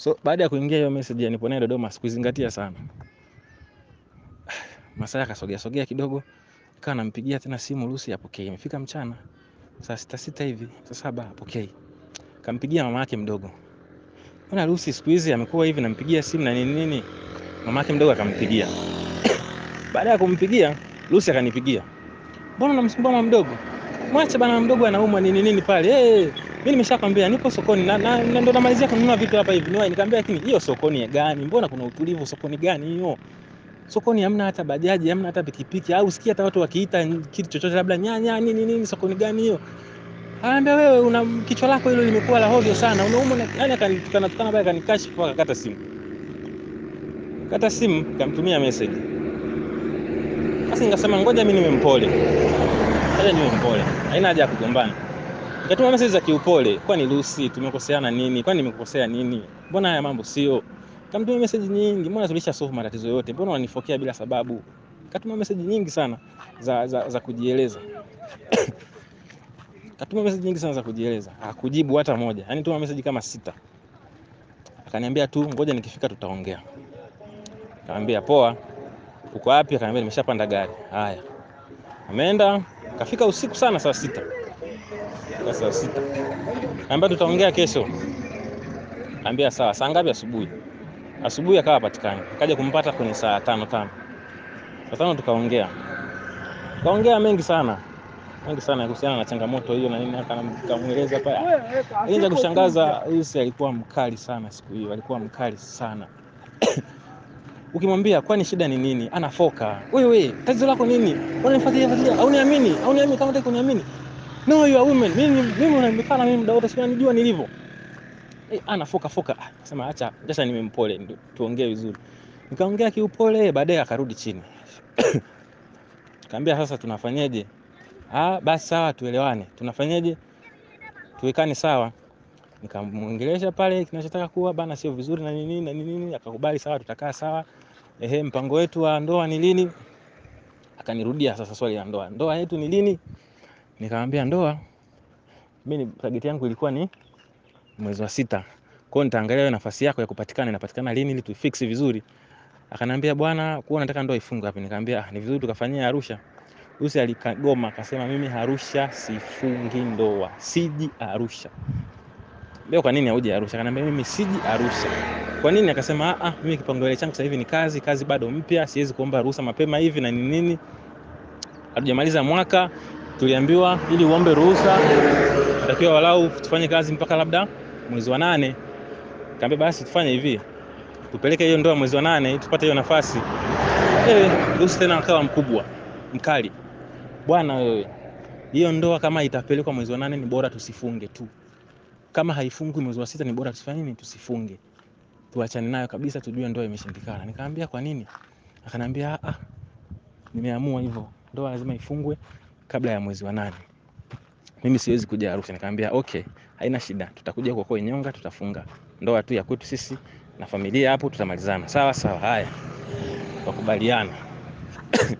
So baada ya kuingia hiyo message ya nipo naye Dodoma sikuzingatia sana. Masaya akasogea sogea kidogo, ikawa nampigia tena simu Lucy apokee. Imefika mchana saa sita sita hivi, saa saba apokee. Kampigia mama yake mdogo. Bwana Lucy siku hizi amekuwa hivi nampigia simu na nini nini. Mama yake mdogo akampigia. baada ya kumpigia Lucy akanipigia. Mbona unamsumbua mama mdogo? Mwache bana mdogo anaumwa nini nini pale. Hey! Eh, eh, eh mimi nimeshakwambia niko sokoni na, na, na ndo namalizia kununua vitu hapa hivi. Niwahi nikamwambia lakini hiyo sokoni ya gani? Mbona kuna utulivu sokoni gani hiyo? Sokoni hamna hata bajaji, hamna hata pikipiki au sikia hata watu wakiita kitu chochote labda nyanya nini nini sokoni gani hiyo? Anaambia wewe una kichwa lako hilo limekuwa la hovyo sana. Unaumwa na yani akanitukana tukana baya kwa kata simu. Kata simu kamtumia message. Sasa ningasema ngoja mimi niwe mpole. Ngoja niwe mpole. Haina haja ya kugombana. Yatuma message za kiupole, kwani Lucy tumekoseana nini? Kwani nimekukosea nini? Mbona haya mambo sio? Kamtuma message nyingi, mbona tulisha solve matatizo yote? Mbona unanifokea bila sababu? Katuma message nyingi sana za za, za kujieleza. Katuma message nyingi sana za kujieleza. Hakujibu hata moja. Yaani tuma message kama sita. Akaniambia tu ngoja nikifika tutaongea. Akaniambia poa. Uko wapi? Akaniambia nimeshapanda gari. Haya. Ameenda, kafika usiku sana saa sita mpaka saa sita. Naambia tutaongea kesho. Naambia sawa. Saa ngapi asubuhi? Asubuhi akawa hapatikani. akaja kumpata kwenye saa tano tano. Saa tano tukaongea. Tukaongea mengi sana. Mengi sana kuhusiana na changamoto hiyo na nini akamueleza pale. Yeye kushangaza Yusi alikuwa mkali sana siku hiyo. Alikuwa mkali sana. Ukimwambia kwani shida ni nini, anafoka. Wewe tatizo lako nini? Unanifuatilia fuatilia, au niamini au niamini kama unataka kuniamini, no you are women. Mimi mimi unanikana mimi muda wote sio unanijua nilivyo. Eh, ana foka foka. Ah, nasema acha, sasa nimempole tuongee vizuri. Nikaongea kiupole, eh, baadaye akarudi chini. Kaambia sasa tunafanyaje? Ah, basi sawa tuelewane. Tunafanyaje? Tuwekane sawa. Nikamwongelesha pale kinachotaka kuwa bana sio vizuri na nini na nini, akakubali sawa, tutakaa sawa. Ehe, mpango wetu wa ndoa ni lini? Akanirudia sasa swali la ndoa. Ndoa yetu ni lini? Nikamwambia ndoa mimi target yangu ilikuwa ni mwezi wa sita. kwao nitaangalia wewe nafasi yako ya kupatikana inapatikana lini ili tuifix vizuri. Akanambia bwana, kwa nataka ndoa ifunge hapa. Nikamwambia ah, ni vizuri tukafanyia Arusha. Usi alikagoma akasema mimi Arusha sifungi ndoa. Siji Arusha. Leo kwa nini auje Arusha? Akanambia mimi siji Arusha. Kwa nini? Akasema ah, ah, mimi kipaumbele changu sasa hivi ni kazi, kazi bado mpya, siwezi kuomba ruhusa mapema hivi na ni nini? Hatujamaliza mwaka, tuliambiwa ili uombe ruhusa natakiwa walau tufanye kazi mpaka labda mwezi wa nane. Kaambia basi tufanye hivi, tupeleke hiyo ndoa mwezi wa nane tupate hiyo nafasi. Eh, ruhusa tena akawa mkubwa mkali, bwana wewe, hiyo ndoa kama itapelekwa mwezi wa nane ni bora tusifunge tu, kama haifungwi mwezi wa sita ni bora tufanye nini, tusifunge, tuachane nayo kabisa, tujue ndoa imeshindikana. Nikaambia kwa nini? Akanambia ah, ah, nimeamua hivyo, ndoa lazima ifungwe kabla ya mwezi wa nane mimi siwezi kuja harusi Nikamwambia okay, haina shida, tutakuja kwa kwa nyonga, tutafunga ndoa tu ya kwetu sisi na familia hapo, tutamalizana. Sawa sawa, haya, wakubaliana